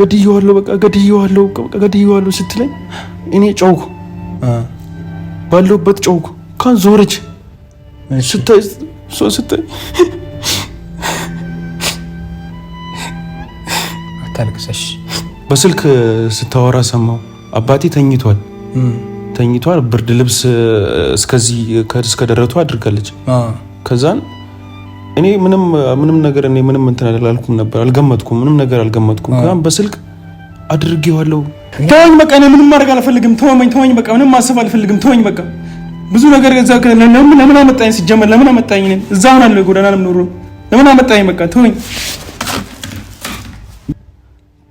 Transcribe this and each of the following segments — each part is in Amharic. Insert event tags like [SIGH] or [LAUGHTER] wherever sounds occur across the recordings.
ገድየዋለሁ፣ በቃ ገድየዋለሁ፣ በቃ ገድየዋለሁ ስትለኝ እኔ ጮኩ፣ ባለሁበት ጮኩ። ካን ዞረች ስታይ ስታይ አታልቅሰሽ። በስልክ ስታወራ ሰማው። አባቴ ተኝቷል ተኝቷል፣ ብርድ ልብስ እስከዚህ እስከ ደረቱ አድርጋለች። ከዛን እኔ ምንም ምንም ነገር እኔ ምንም እንትን አላልኩም ነበር፣ አልገመትኩም፣ ምንም ነገር አልገመትኩም። ግን በስልክ አድርጌዋለሁ። ተወኝ በቃ፣ እኔ ምንም ማድረግ አልፈልግም። ተወኝ፣ ተወኝ፣ በቃ ምንም ማሰብ አልፈልግም። ተወኝ በቃ። ብዙ ነገር እዛ ለምን ለምን አመጣኝ? ሲጀመር ለምን አመጣኝ? እኔ እዛ ሆናለሁ፣ ጎዳና ነው ኖሮ ለምን አመጣኝ? በቃ ተወኝ።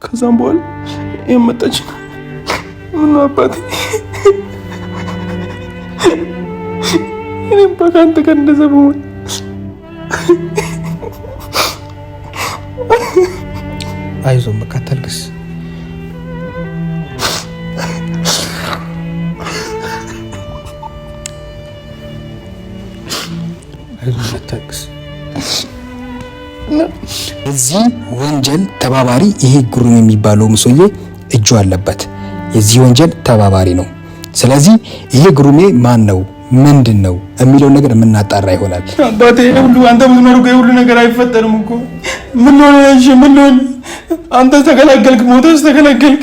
ከዛም በኋላ የመጣች ምን አባት እኔ በቃ አንተ ጋር እንደዛ አይዞን በቃ አታልቅስ። የዚህ ወንጀል ተባባሪ ይሄ ግሩም የሚባለው ምሶዬ እጁ አለበት። የዚህ ወንጀል ተባባሪ ነው። ስለዚህ ይሄ ጉሩሜ ማን ነው? ምንድን ነው የሚለውን ነገር የምናጣራ ይሆናል። አባቴ ሁሉ አንተ ምትኖር እኮ የሁሉ ነገር አይፈጠርም እኮ ምን ሆነ? እሺ ምን ሆነ? አንተ ተገላገልክ፣ ሞተስ ተገላገልክ።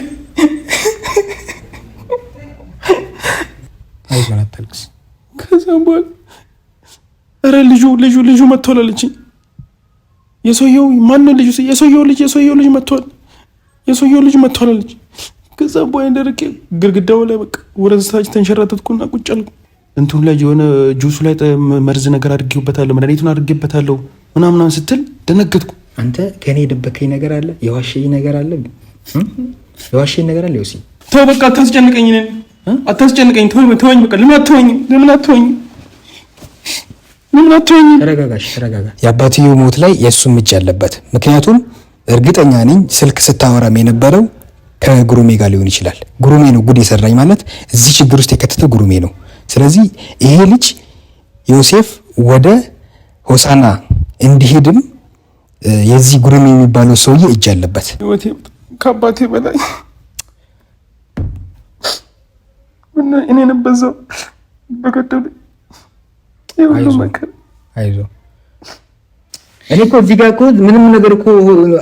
አይዞህ አታልቅስ። ከዛም በኋላ ኧረ ልጁ ልጁ ልጁ መጥቷል አለችኝ። የሰውየው ማነው ልጁ? የሰውየው ልጅ የሰውየው ልጅ መጥቷል፣ የሰውየው ልጅ መጥቷል አለችኝ። ከዛም በኋላ ደረቄ ግርግዳው ላይ በቃ ወረሳች ተንሸራተትኩና ቁጭ አልኩ። እንትኑ ላይ የሆነ ጁሱ ላይ መርዝ ነገር አድርጌበታለሁ መድኃኒቱን አድርጌበታለሁ ምናምናም ስትል ደነገጥኩ። አንተ ከኔ የደበከኝ ነገር አለ፣ የዋሸኝ ነገር አለ፣ የዋሸኝ ነገር አለ። ሲ ተው በቃ አታስጨንቀኝ፣ አታስጨንቀኝ። ተወኝ በቃ። ለምን አትወኝ? ለምን አትወኝ? የአባትየው ሞት ላይ የእሱም እጅ ያለበት፣ ምክንያቱም እርግጠኛ ነኝ ስልክ ስታወራም የነበረው ከጉሩሜ ጋር ሊሆን ይችላል። ጉሩሜ ነው ጉድ የሰራኝ ማለት፣ እዚህ ችግር ውስጥ የከተተው ጉሩሜ ነው። ስለዚህ ይሄ ልጅ ዮሴፍ ወደ ሆሳና እንዲሄድም የዚህ ጉርም የሚባለው ሰውዬ እጅ አለበት። ከአባቴ በላይ እኔ ነበዛው በገደሉ ሁሉ መከር አይዞ እኔ እኮ እዚህ ጋር እኮ ምንም ነገር እኮ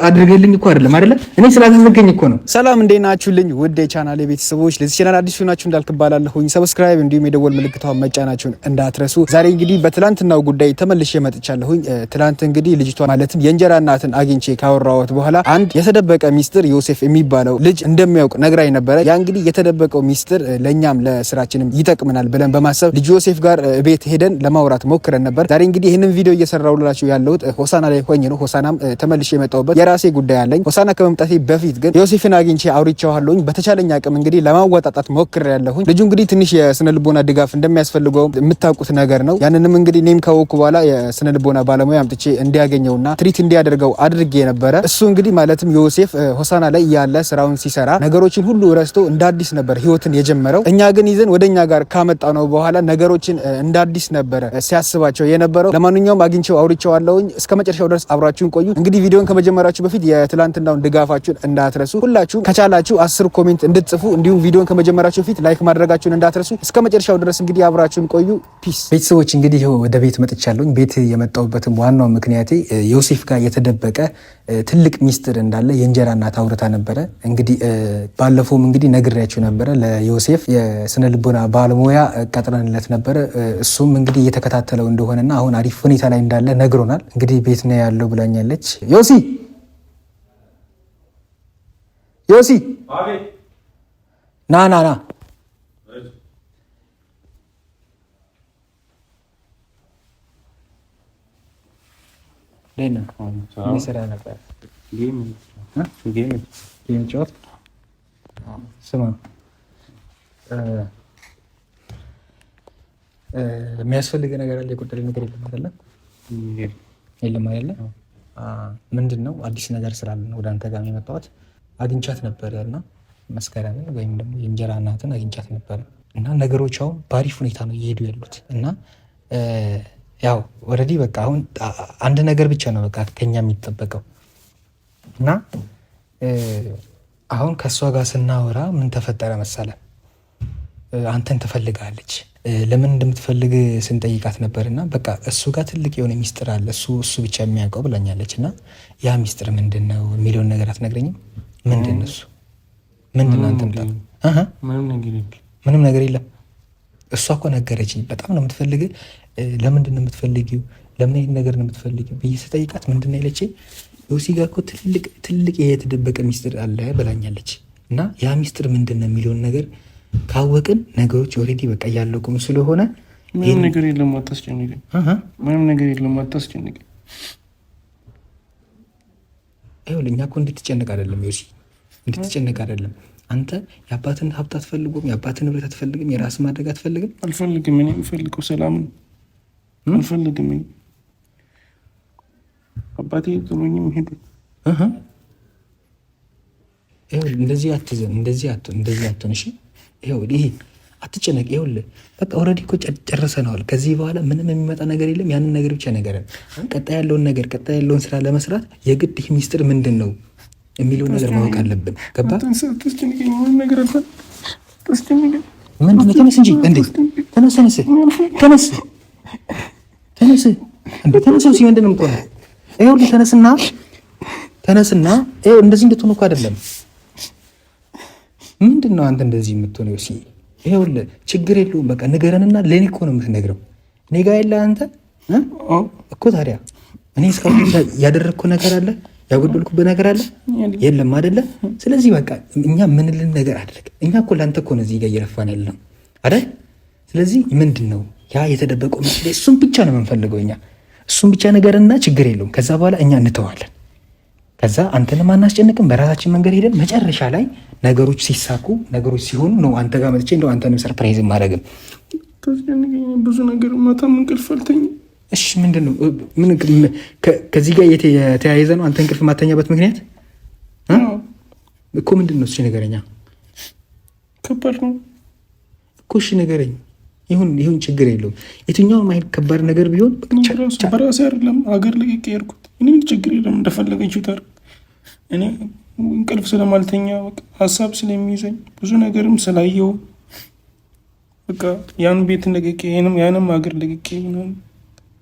አድርገልኝ እኮ አይደለም አይደለ? እኔ ስላሳዘገኝ እኮ ነው። ሰላም እንዴት ናችሁልኝ? ውድ የቻናል ቤተሰቦች፣ ለዚህ ቻናል አዲስ ሆናችሁ እንዳልክባላለሁኝ ሰብስክራይብ፣ እንዲሁም የደወል ምልክቷን መጫናችሁን እንዳትረሱ። ዛሬ እንግዲህ በትላንትናው ጉዳይ ተመልሼ መጥቻለሁኝ። ትላንት እንግዲህ ልጅቷ ማለትም የእንጀራ እናትን አግኝቼ ካወራሁት በኋላ አንድ የተደበቀ ሚስጥር ዮሴፍ የሚባለው ልጅ እንደሚያውቅ ነግራኝ ነበረ። ያ እንግዲህ የተደበቀው ሚስጥር ለእኛም ለስራችንም ይጠቅመናል ብለን በማሰብ ልጅ ዮሴፍ ጋር ቤት ሄደን ለማውራት ሞክረን ነበር። ዛሬ እንግዲህ ይህንን ቪዲዮ እየሰራሁላችሁ ያለሁት ሆሳ ሆሳና ላይ ሆኜ ነው ሆሳናም ተመልሼ የመጣሁበት የራሴ ጉዳይ አለኝ። ሆሳና ከመምጣቴ በፊት ግን ዮሴፍን አግኝቼ አውርቼዋለሁኝ። በተቻለኝ አቅም እንግዲህ ለማወጣጣት ያለሁኝ። ልጁ እንግዲህ ትንሽ የስነ ልቦና ድጋፍ እንደሚያስፈልገው የምታውቁት ነገር ነው። ያንንም እንግዲህ እኔም ካወቅኩ በኋላ የስነ ልቦና ባለሙያ አምጥቼ እንዲያገኘውና ትሪት እንዲያደርገው አድርጌ ነበረ። እሱ እንግዲህ ማለትም ዮሴፍ ሆሳና ላይ ያለ ስራውን ሲሰራ ነገሮችን ሁሉ ረስቶ እንደ አዲስ ነበር ህይወትን የጀመረው። እኛ ግን ይዘን ወደ እኛ ጋር ካመጣ ነው በኋላ ነገሮችን እንደ አዲስ ነበረ ሲያስባቸው የነበረው። ለማንኛውም አግኝቼው አውርቼዋለሁኝ እስከ መጨረሻው ድረስ አብራችሁን ቆዩ። እንግዲህ ቪዲዮን ከመጀመራችሁ በፊት የትላንትናውን ድጋፋችሁን እንዳትረሱ። ሁላችሁ ከቻላችሁ አስር ኮሜንት እንድትጽፉ እንዲሁም ቪዲዮን ከመጀመራችሁ በፊት ላይክ ማድረጋችሁን እንዳትረሱ። እስከ መጨረሻው ድረስ እንግዲህ አብራችሁን ቆዩ። ፒስ ቤተሰቦች፣ እንግዲህ ወደ ቤት መጥቻለሁኝ። ቤት የመጣሁበትም ዋናው ምክንያቴ ዮሴፍ ጋር የተደበቀ ትልቅ ሚስጥር እንዳለ የእንጀራ እናት አውርታ ነበረ። እንግዲህ ባለፈውም እንግዲህ ነግሬያችሁ ነበረ ለዮሴፍ የስነ ልቦና ባለሙያ ቀጥረንለት ነበረ። እሱም እንግዲህ እየተከታተለው እንደሆነና አሁን አሪፍ ሁኔታ ላይ እንዳለ ነግሮናል። እንግዲህ ቤት ነው ያለው ብላኛለች። ዮሲ ዮሲ ና ና ና ስራ ነበር ስማ የሚያስፈልግ ነገር አለ። የጎደለ ነገር የለም አይደለም የለም አይደለ? ምንድን ነው አዲስ ነገር ስላለ ነው ወደ አንተ ጋር የመጣሁት። አግኝቻት ነበር ያልና መስከረምን ወይም ደግሞ የእንጀራ እናትን አግኝቻት ነበር እና ነገሮች አሁን በአሪፍ ሁኔታ ነው እየሄዱ ያሉት እና ያው ወረዲ በቃ አሁን አንድ ነገር ብቻ ነው በቃ ከኛ የሚጠበቀው እና አሁን ከእሷ ጋር ስናወራ ምን ተፈጠረ መሰለን አንተን ትፈልጋለች። ለምን እንደምትፈልግ ስንጠይቃት ነበርና በቃ እሱ ጋር ትልቅ የሆነ ሚስጥር አለ እሱ እሱ ብቻ የሚያውቀው ብላኛለች። እና ያ ሚስጥር ምንድን ነው የሚለውን ነገር አትነግረኝም? ምንድን ነው እሱ ምንድን አንተምጣት ምንም ነገር የለም። እሷ እኮ ነገረችኝ። በጣም ነው የምትፈልግ። ለምንድን ነው የምትፈልጊው? ለምን ይሄን ነገር ነው የምትፈልጊው ብዬ ስጠይቃት ምንድን ነው ያለችኝ? ዮሲ ጋር እኮ ትልቅ ትልቅ የተደበቀ ሚስጥር አለ ብላኛለች። እና ያ ሚስጥር ምንድን ነው የሚለውን ነገር ካወቅን ነገሮች ኦልሬዲ በቃ እያለቁም ስለሆነ ምንም ነገር የለም፣ አታስጨንቀኝ። ምንም ነገር የለም፣ አታስጨንቀኝ። ይኸውልህ እኛ እኮ እንድትጨነቅ አይደለም፣ ዮሲ እንድትጨነቅ አይደለም። አንተ የአባትን ሀብት አትፈልጉም፣ የአባትን ንብረት አትፈልግም፣ የራስ ማድረግ አትፈልግም። አልፈልግም። እኔ የምፈልገው ሰላም ነው። አልፈልግም። እኔ አባቴ ጥሎኝም ሄዱ። እንደዚህ አትዘን፣ እንደዚህ አትሆን፣ እንደዚህ አትሆን። እሺ ይኸው ይሄ አትጨነቅ። ይኸውልህ በቃ ኦልሬዲ እኮ ጨርሰነዋል። ከዚህ በኋላ ምንም የሚመጣ ነገር የለም። ያንን ነገር ብቻ ነገረን። ቀጣይ ያለውን ነገር ቀጣይ ያለውን ስራ ለመስራት የግድ ይህ ሚስጥር ምንድን ነው የሚለውን ነገር ማወቅ አለብን። ገባ? ምንድን ተነስ እንጂ እንዴ! ተነስ ተነስ ተነስ ተነስ እንዴ! ተነስ ነው ሲሆን ምንድን ነው የምትሆነው? ይኸውልህ ተነስና ተነስና እንደዚህ እንድትሆኑ እኮ አይደለም ምንድን ነው አንተ እንደዚህ የምትሆነው? ሲ ይኸውልህ ችግር የለውም በቃ ንገረንና ለእኔ እኮ ነው የምትነግረው። እኔ ጋ የለ አንተ እኮ ታዲያ እኔ እስካሁን ያደረግኩ ነገር አለ ያጎደልኩበት ነገር አለ የለም አደለ? ስለዚህ በቃ እኛ ምንልን ነገር አድርግ። እኛ እኮ ለአንተ እኮ ነው እዚህ ጋ እየለፋን ያለ ነው አይደል? ስለዚህ ምንድን ነው ያ የተደበቀው መስለ እሱም ብቻ ነው የምንፈልገው እኛ እሱም ብቻ ነገርና ችግር የለውም ከዛ በኋላ እኛ እንተዋለን። ከዛ አንተንም አናስጨንቅም፣ በራሳችን መንገድ ሄደን መጨረሻ ላይ ነገሮች ሲሳኩ ነገሮች ሲሆኑ ነው አንተ ጋር መጥቼ እንደው አንተንም ሰርፕራይዝ ማድረግም ብዙ ነገር ማታም እንቅልፍ አልተኝም። እሺ ምንድን ነው ምን ከዚህ ጋር የተያይዘ ነው አንተ እንቅልፍ ማተኛበት ምክንያት እኮ ምንድን ነው? እሺ ነገረኛ ከባድ ነው እኮ እሺ ነገረኝ። ይሁን ይሁን፣ ችግር የለውም የትኛውም አይነት ከባድ ነገር ቢሆን በራሴ አይደለም አገር ልቅ የሄድኩት እኔ ችግር የለም እንደፈለገችው ታርግ። እኔ እንቅልፍ ስለማልተኛ ሀሳብ ስለሚይዘኝ ብዙ ነገርም ስላየው በቃ ያን ቤት ለቅቄ ያንም ሀገር ለቅቄ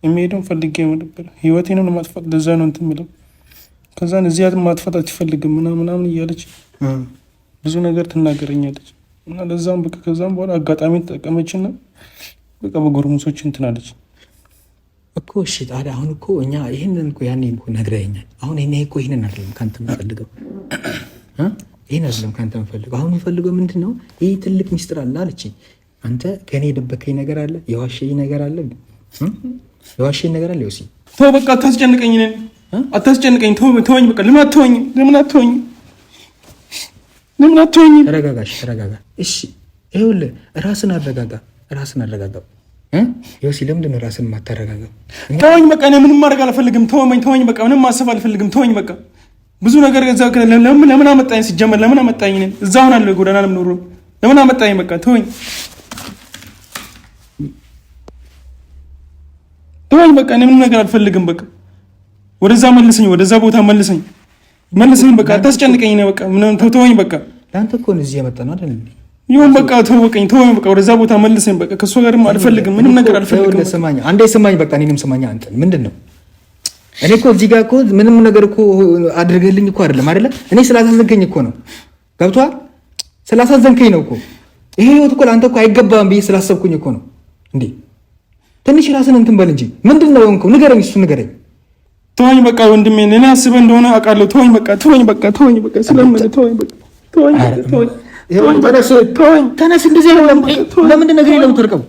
የሚሄደው ፈልጌ ነበር። ህይወቴንም ለማጥፋት ለዛ ነው እንትን የምለው። ከዛን እዚያ ማጥፋት አትፈልግም ምናምን እያለች ብዙ ነገር ትናገረኛለች እና ለዛም በቃ ከዛም በኋላ አጋጣሚ ተጠቀመችና በቃ በጎርሙሶች እንትናለች። እኮ እሺ፣ ታዲያ አሁን እኮ እኛ ይህንን እኮ ያኔ እኮ ነግረኸኛል። አሁን እኔ እኮ ይህንን አይደለም ከአንተ የምፈልገው፣ ይህን አይደለም ከአንተ የምፈልገው። አሁን የምፈልገው ምንድን ነው? ይህ ትልቅ ሚስጥር አለ አለችኝ። አንተ ከእኔ የደበከኝ ነገር አለ፣ የዋሸኝ ነገር አለ፣ የዋሸኝ ነገር አለ። ሲ ተው በቃ አታስጨንቀኝ፣ ነን አታስጨንቀኝ፣ ተወኝ በቃ። ለምን አትወኝ? ለምን አትወኝ? ለምን አትወኝ? ተረጋጋሽ፣ ተረጋጋ። እሺ፣ ይኸውልህ ራስን አረጋጋ፣ ራስን አረጋጋ። ዮሲ ለምንድን ነው ራስን ማታረጋገው? ተወኝ በቃ እኔ ምንም ማድረግ አልፈልግም። ተወኝ ተወኝ፣ በቃ ምንም ማሰብ አልፈልግም። ተወኝ በቃ ብዙ ነገር ለምን አመጣኝ? ሲጀመር ለምን አመጣኝ? እዛ ሆናለሁ ጎዳና ለምኖሩ ለምን አመጣኝ? በቃ ተወኝ ተወኝ በቃ እኔ ምንም ነገር አልፈልግም። በቃ ወደዛ መልሰኝ፣ ወደዛ ቦታ መልሰኝ፣ መልሰኝ። በቃ አታስጨንቀኝ። በቃ ተወኝ በቃ ለአንተ እኮ እዚህ የመጣ ነው አይደል ይሁን በቃ ተወቀኝ፣ ተወኝ፣ በቃ ወደዛ ቦታ መልሰኝ። በቃ ከእሷ ጋርም አልፈልግም፣ ምንም ነገር አልፈልግም። ስማኝ አንዴ፣ ስማኝ በቃ እኔንም ስማኝ። አንተ ምንድን ነው? እኔ እኮ እዚህ ጋር እኮ ምንም ነገር እኮ አድርገልኝ እኮ አይደለም አይደለ እኔ ስላሳዘንከኝ እኮ ነው፣ ገብቶሃል? ስላሳዘንከኝ ነው እኮ ይሄ ህይወት እኮ ለአንተ እኮ አይገባም ብዬ ስላሰብኩኝ እኮ ነው። እንዴ ትንሽ ራስን እንትን በል እንጂ ምንድን ነው የሆንከው? ንገረኝ፣ እሱ ንገረኝ። ተወኝ በቃ ወንድሜ፣ እኔ አስበህ እንደሆነ አውቃለሁ። ተወኝ በቃ፣ ተወኝ በቃ፣ ተወኝ በቃ፣ ስለምን ተወኝ በቃ፣ ተወኝ ተነስ ተነስ። እንደዚህ ነገር የለም። ትርቀው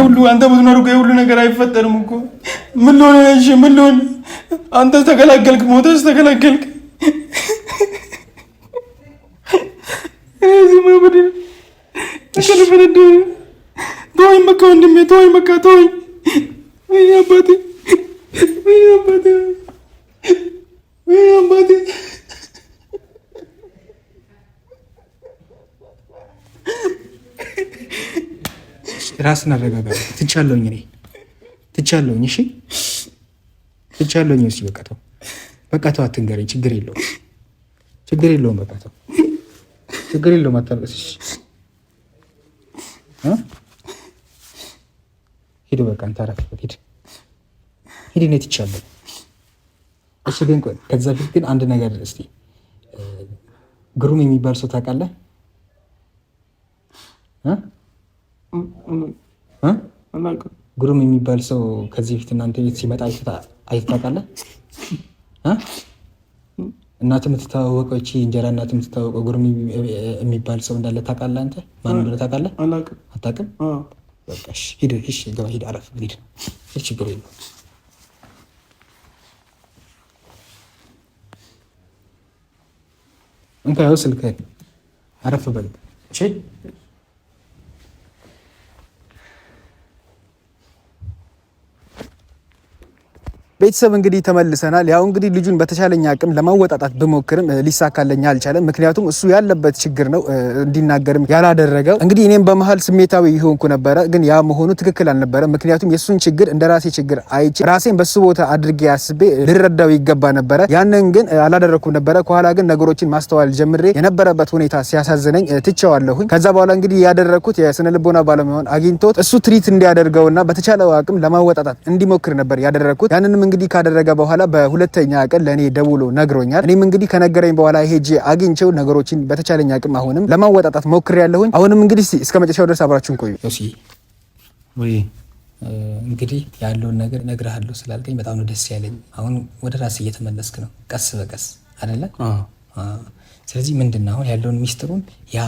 ሁሉ አንተ ብትኖር እኮ የሁሉ ነገር አይፈጠርም እኮ። ምን ልሆን እሺ፣ ምን ልሆን? አንተ ተገላገልክ፣ ሞተስ ተገላገልክ። እዚህ ማብድ ተከለፈለ ተወኝ፣ በቃ ወንድሜ ተወኝ፣ በቃ ተወኝ አባቴ [LAUGHS] ራስን አረጋጋ። ትቻለሁኝ፣ እኔ ትቻለሁኝ። እሺ ትቻለሁኝ። እሺ በቃ ተው፣ በቃ ተው፣ አትንገረኝ። ችግር የለውም፣ ችግር የለውም። በቃ ተው፣ ችግር የለውም። አታልቅስ። ሂድ፣ በቃ እንታረፍበት። ሂድ ሂድኔት ይቻለን። እሱ ግን ቆይ ከዛ ፊት ግን አንድ ነገር እስቲ ግሩም የሚባል ሰው ታውቃለህ? ግሩም የሚባል ሰው ከዚህ ፊት እናንተ ቤት ሲመጣ አይተህ ታውቃለህ? እናት የምትተዋወቀው እቺ እንጀራ እናት የምትተዋወቀው ግሩም የሚባል ሰው እንዳለ ታውቃለህ? አንተ ማን ብለህ ታውቃለህ? አታውቅም? ሂድ፣ ሂድ፣ አረፍ፣ ሂድ፣ ችግር የለውም። እንካ ስልክ አረፍ በል እሺ ቤተሰብ እንግዲህ ተመልሰናል። ያው እንግዲህ ልጁን በተቻለኝ አቅም ለማወጣጣት ብሞክርም ሊሳካለኝ አልቻለም። ምክንያቱም እሱ ያለበት ችግር ነው እንዲናገርም ያላደረገው። እንግዲህ እኔም በመሀል ስሜታዊ ይሆንኩ ነበረ፣ ግን ያ መሆኑ ትክክል አልነበረ። ምክንያቱም የእሱን ችግር እንደ ራሴ ችግር አይቼ ራሴን በሱ ቦታ አድርጌ አስቤ ልረዳው ይገባ ነበረ። ያንን ግን አላደረኩም ነበረ። ከኋላ ግን ነገሮችን ማስተዋል ጀምሬ የነበረበት ሁኔታ ሲያሳዝነኝ ትቸዋለሁኝ። ከዛ በኋላ እንግዲህ ያደረግኩት የስነ ልቦና ባለሙያን አግኝቶት እሱ ትሪት እንዲያደርገውና በተቻለው አቅም ለማወጣጣት እንዲሞክር ነበር ያደረግኩት። ያንንም እንግዲህ ካደረገ በኋላ በሁለተኛ ቀን ለእኔ ደውሎ ነግሮኛል። እኔም እንግዲህ ከነገረኝ በኋላ ሄጄ አግኝቼው ነገሮችን በተቻለኝ አቅም አሁንም ለማወጣጣት ያለሁኝ። አሁንም እንግዲህ እስከ መጨረሻው ድረስ አብራችሁን ቆዩ። እንግዲህ ያለውን ነገር እነግርሃለሁ ስላልከኝ በጣም ነው ደስ ያለኝ። አሁን ወደ ራስ እየተመለስክ ነው ቀስ በቀስ አደለ? ስለዚህ ምንድን ነው አሁን ያለውን ሚስጥሩን ያ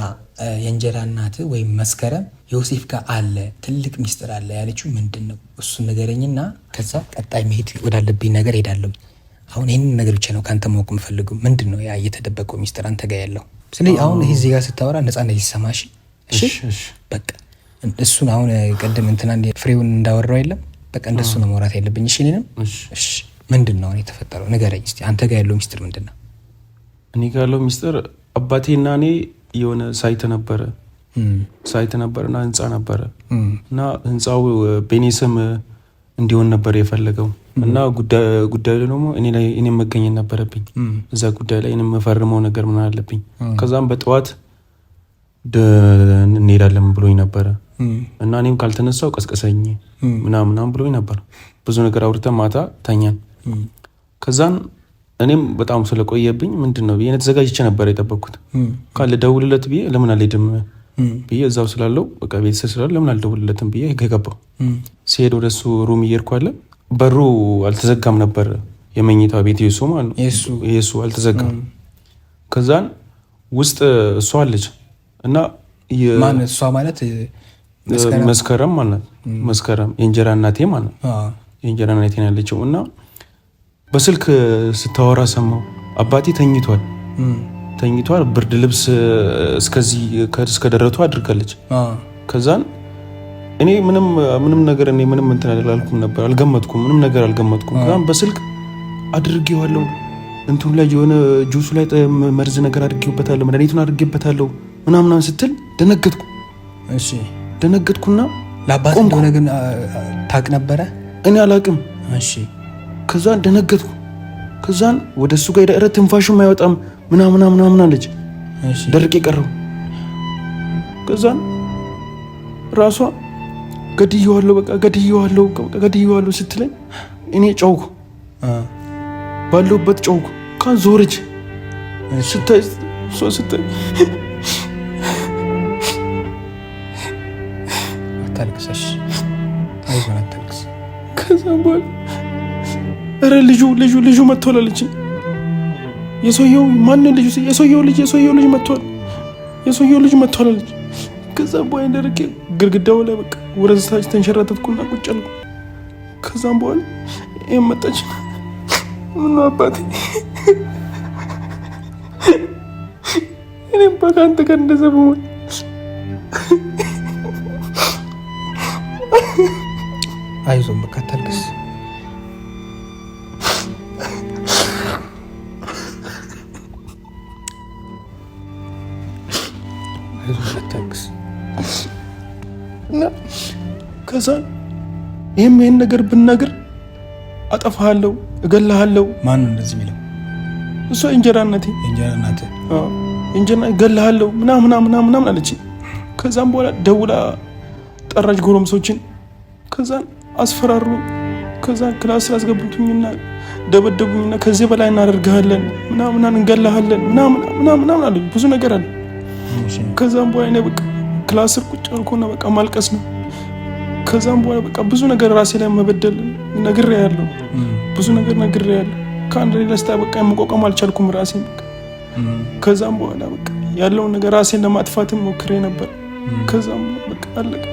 የእንጀራ እናት ወይም መስከረም ዮሴፍ ጋር አለ ትልቅ ሚስጥር አለ ያለችው ምንድን ነው? እሱን ንገረኝና ከዛ ቀጣይ መሄድ ወዳለብኝ ነገር ሄዳለሁ። አሁን ይህንን ነገር ብቻ ነው ከአንተ ማወቅ ምፈልጉ ምንድን ነው ያ እየተደበቀው ሚስጥር አንተ ጋር ያለው? ስለዚህ አሁን ይህ ዜጋ ስታወራ ነፃነት ይሰማሽ። እሺ በቃ እሱን አሁን ቅድም እንትና ፍሬውን እንዳወራው የለም በቃ እንደሱ ነው መውራት ያለብኝ። እሺ እኔንም እሺ ምንድን ነው የተፈጠረው ንገረኝ እስኪ። አንተ ጋር ያለው ሚስጥር ምንድን ነው? እኔ ካለው ሚስጥር አባቴና እኔ የሆነ ሳይት ነበረ ሳይት እና ህንፃ ነበረ እና ህንፃው በእኔ ስም እንዲሆን ነበር የፈለገው እና ጉዳዩ ደግሞ እኔ መገኘት ነበረብኝ። እዛ ጉዳይ ላይ የምፈርመው ነገር ምን አለብኝ። ከዛም በጠዋት እንሄዳለን ብሎኝ ነበረ እና እኔም ካልተነሳው ቀስቀሰኝ ምናምናም ብሎኝ ነበር። ብዙ ነገር አውርተን ማታ ተኛን። ከዛን እኔም በጣም ስለቆየብኝ ምንድን ነው ብዬ ተዘጋጅቼ ነበር የጠበኩት። ካለ ደውልለት ብዬ ለምን አልሄድም ብዬ እዛው ስላለው በቃ ቤተሰብ ስላለ ለምን አልደውልለትም ብዬ ገባው። ሲሄድ ወደ እሱ ሩም እየሄድኩ አለ በሩ አልተዘጋም ነበር የመኝታ ቤት የሱ ማለት የሱ አልተዘጋም። ከዛን ውስጥ እሷ አለች እና እሷ ማለት መስከረም ማለት መስከረም የእንጀራ እናቴ ማለት የእንጀራ እናቴ ያለችው እና በስልክ ስታወራ ሰማው። አባቴ ተኝቷል ተኝቷል፣ ብርድ ልብስ እስከዚህ እስከደረቱ አድርጋለች። ከዛን እኔ ምንም ምንም ነገር እኔ ምንም እንትን አላልኩም ነበር፣ አልገመትኩም፣ ምንም ነገር አልገመትኩም። ከዛን በስልክ አድርጌዋለሁ እንትኑ ላይ የሆነ ጁሱ ላይ መርዝ ነገር አድርጌበታለሁ፣ መድኃኒቱን አድርጌበታለሁ ምናምናን ስትል ደነገጥኩ። እሺ ደነገጥኩና ለአባት እንደሆነ ግን ታውቅ ነበረ? እኔ አላውቅም። እሺ ከዛን ደነገጥኩ። ከዛን ወደ እሱ ጋር ሄዳ ትንፋሹም አይወጣም ምናምና ምናምን አለች። ደርቅ የቀረው ከዛን ራሷ ገድየዋለሁ በቃ ገድየዋለሁ ገድየዋለሁ ስትለኝ እኔ ጨውኩ፣ ባለሁበት ጨውኩ። ካን ዞረች ስታይ ስታይ አታልቅሰሽ፣ አይዞን አታልቅስ። ከዛም በኋላ እረ ልጁ ልጁ ልጁ መጥቷል አለችኝ። የሰውየው ማነው ልጁ? የሰውየው ልጅ የሰውየው ልጅ መጥቷል፣ የሰውየው ልጅ መጥቷል አለች። ከዛም በኋላ ደርቄ ግድግዳው ላይ በቃ ወረዝታች ተንሸራተትኩና ቁጭ አልኩ። ከዛም በኋላ ይሄን መጣች። ምን አባቴ እኔም በካንተ ጋር እንደዛ በሆን አይዞን በቃ ተልግስ እንደዛ ይህም ይህን ነገር ብናገር አጠፋሃለሁ፣ እገልሃለሁ። ማን ነው እንደዚህ የሚለው? እሷ እንጀራ እናቴ እንጀራ እናቴ እንጀራ እገልሃለሁ ምናምን ምናምን ምናምን አለች። ከዛም በኋላ ደውላ ጠራች ጎረምሶችን። ከዛን አስፈራሩኝ። ከዛ ክላስ ስላስገቡትኝና ደበደቡኝና ከዚህ በላይ እናደርግሃለን ምናምን እንገልሃለን ምናምን ምናምን አለ። ብዙ ነገር አለ። ከዛም በኋላ እኔ በቃ ክላስ ስር ቁጭ አልኩና በቃ ማልቀስ ነው ከዛም በኋላ በቃ ብዙ ነገር ራሴ ላይ መበደል ነግር ያለው ብዙ ነገር ነግር ያለው ከአንድ ላይ ለስታ በቃ የመቋቋም አልቻልኩም ራሴ። ከዛም በኋላ በቃ ያለውን ነገር ራሴን ለማጥፋትም ሞክሬ ነበር። ከዛም በቃ አለቀ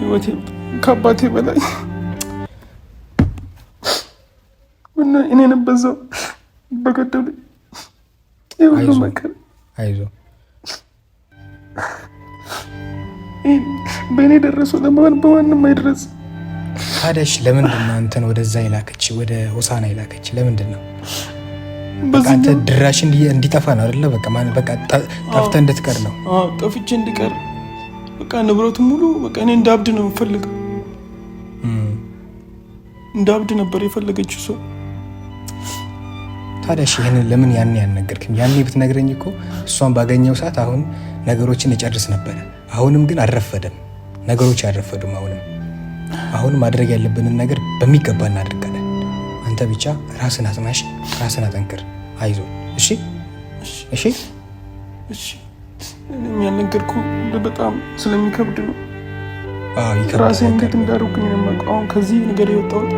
ህይወቴ ከአባቴ በላይ እና እኔን በዛው በገደሉ ይሁሉ መከራ አይዞህ በእኔ ደረሰው ለማን በማንም አይድረስ። ታዲያሽ ለምንድን ነው አንተን ወደዛ ይላከች ወደ ሆሳና ይላከች? ለምንድን ነው አንተ ድራሽ እንዲጠፋ ነው አይደለ? በቃ ማን በቃ ጠፍተህ እንድትቀር ነው። አዎ ጠፍቼ እንድቀር በቃ ንብረቱ ሙሉ በቃ እኔ እንዳብድ ነው የምፈልገው። እንዳብድ ነበር የፈለገችው ሰው። ታዲያ ይህንን ለምን ያኔ አልነገርክም? ያኔ ብትነግረኝ እኮ እሷን ባገኘው ሰዓት አሁን ነገሮችን እጨርስ ነበር? አሁንም ግን አልረፈደም፣ ነገሮች አልረፈዱም። አሁንም አሁን ማድረግ ያለብንን ነገር በሚገባ እናደርጋለን። አንተ ብቻ ራስን አጽናሽ፣ ራስን አጠንክር። አይዞ። እሺ፣ እሺ፣ እሺ። እኔም ያልነገርኩህ በጣም ስለሚከብድ ነው። ራሴ እንዴት እንዳደረኩኝ አሁን ከዚህ ነገር የወጣሁት።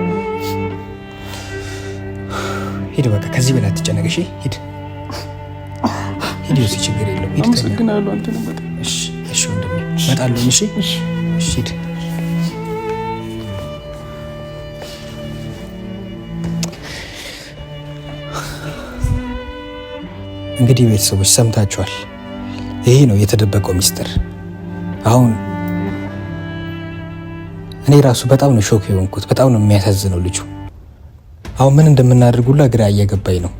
ሂድ በቃ፣ ከዚህ በላይ አትጨነቅ። እሺ፣ ሂድ፣ [LAUGHS] ሂድ። ችግር የለውም። አመሰግናለሁ አንተንም በጣም እሺ እመጣለሁ። እሺ እሺ እንግዲህ ቤተሰቦች ሰምታችኋል። ይሄ ነው የተደበቀው ሚስጥር። አሁን እኔ ራሱ በጣም ነው ሾክ የሆንኩት። በጣም ነው የሚያሳዝነው ልጁ። አሁን ምን እንደምናደርጉላ ግራ እየገባኝ ነው።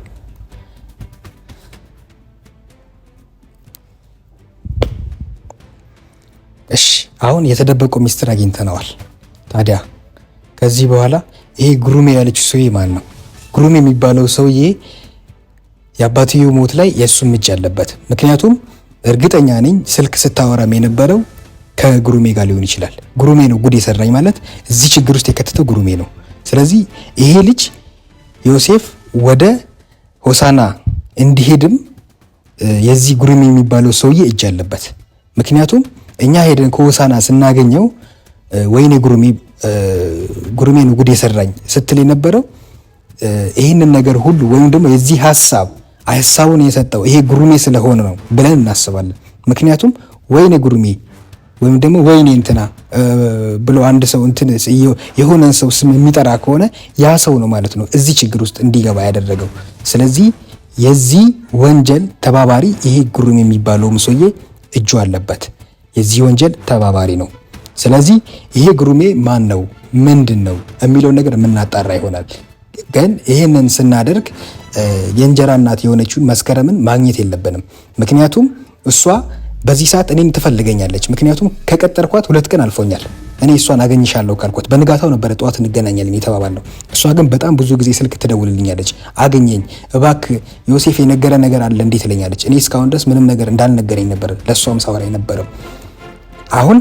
እሺ አሁን የተደበቀው ሚስጥር አግኝተነዋል። ታዲያ ከዚህ በኋላ ይሄ ግሩሜ ያለችው ሰውዬ ማን ነው? ግሩሜ የሚባለው ሰውዬ የአባትየው ሞት ላይ የእሱም እጅ ያለበት። ምክንያቱም እርግጠኛ ነኝ ስልክ ስታወራም የነበረው ከግሩሜ ጋር ሊሆን ይችላል። ግሩሜ ነው ጉድ የሰራኝ ማለት እዚህ ችግር ውስጥ የከተተው ግሩሜ ነው። ስለዚህ ይሄ ልጅ ዮሴፍ ወደ ሆሳና እንዲሄድም የዚህ ግሩሜ የሚባለው ሰውዬ እጅ ያለበት ምክንያቱም እኛ ሄደን ከሆሳና ስናገኘው ወይኔ ጉርሜ ጉርሜ ነው ጉድ የሰራኝ ስትል የነበረው ይህንን ነገር ሁሉ ወይም ደግሞ የዚህ ሀሳብ ሀሳቡን የሰጠው ይሄ ጉርሜ ስለሆነ ነው ብለን እናስባለን። ምክንያቱም ወይኔ ጉርሜ ወይም ደግሞ ወይኔ እንትና ብሎ አንድ ሰው እንትን የሆነን ሰው ስም የሚጠራ ከሆነ ያ ሰው ነው ማለት ነው እዚህ ችግር ውስጥ እንዲገባ ያደረገው። ስለዚህ የዚህ ወንጀል ተባባሪ ይሄ ጉርሜ የሚባለውም ሰውዬ እጁ አለበት። የዚህ ወንጀል ተባባሪ ነው። ስለዚህ ይሄ ግሩሜ ማን ነው ምንድን ነው የሚለውን ነገር የምናጣራ ይሆናል። ግን ይህንን ስናደርግ የእንጀራ እናት የሆነችውን መስከረምን ማግኘት የለብንም። ምክንያቱም እሷ በዚህ ሰዓት እኔን ትፈልገኛለች። ምክንያቱም ከቀጠርኳት ሁለት ቀን አልፎኛል። እኔ እሷን አገኝሻለሁ ካልኳት በንጋታው ነበረ ጠዋት እንገናኛለን የተባባልነው። እሷ ግን በጣም ብዙ ጊዜ ስልክ ትደውልልኛለች። አገኘኝ እባክ ዮሴፍ የነገረ ነገር አለ እንዴት ትለኛለች። እኔ እስካሁን ድረስ ምንም ነገር እንዳልነገረኝ ነበር ለእሷም ሳወራ አይነበረም። አሁን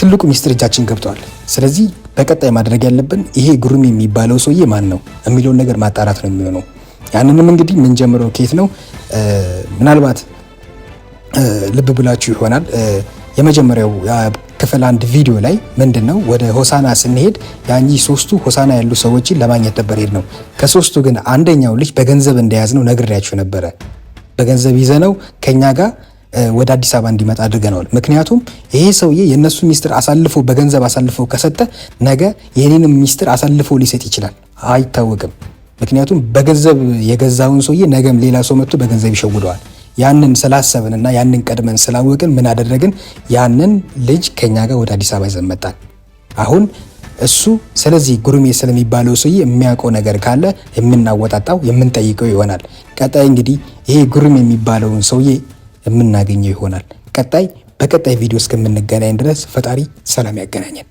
ትልቁ ሚስጥር እጃችን ገብቷል። ስለዚህ በቀጣይ ማድረግ ያለብን ይሄ ግሩም የሚባለው ሰውዬ ማን ነው የሚለውን ነገር ማጣራት ነው የሚሆነው። ያንንም እንግዲህ የምንጀምረው ኬት ነው? ምናልባት ልብ ብላችሁ ይሆናል የመጀመሪያው ክፍል አንድ ቪዲዮ ላይ ምንድን ነው ወደ ሆሳና ስንሄድ ያኚህ ሶስቱ ሆሳና ያሉ ሰዎችን ለማግኘት ነበር ሄድ ነው። ከሶስቱ ግን አንደኛው ልጅ በገንዘብ እንደያዝ ነው ነግሬያችሁ ነበረ። በገንዘብ ይዘ ነው ከኛ ጋር ወደ አዲስ አበባ እንዲመጣ አድርገነዋል። ምክንያቱም ይሄ ሰውዬ የእነሱ ሚስጥር አሳልፎ በገንዘብ አሳልፎ ከሰጠ ነገ የኔንም ሚስጥር አሳልፎ ሊሰጥ ይችላል፣ አይታወቅም። ምክንያቱም በገንዘብ የገዛውን ሰውዬ ነገም ሌላ ሰው መጥቶ በገንዘብ ይሸውደዋል። ያንን ስላሰብን እና ያንን ቀድመን ስላወቅን ምን አደረግን? ያንን ልጅ ከኛ ጋር ወደ አዲስ አበባ ይዘን መጣን። አሁን እሱ ስለዚህ ጉርሜ ስለሚባለው ሰውዬ የሚያውቀው ነገር ካለ የምናወጣጣው የምንጠይቀው ይሆናል። ቀጣይ እንግዲህ ይሄ ጉርሜ የሚባለውን ሰውዬ የምናገኘው ይሆናል። ቀጣይ በቀጣይ ቪዲዮ እስከምንገናኝ ድረስ ፈጣሪ ሰላም ያገናኘን።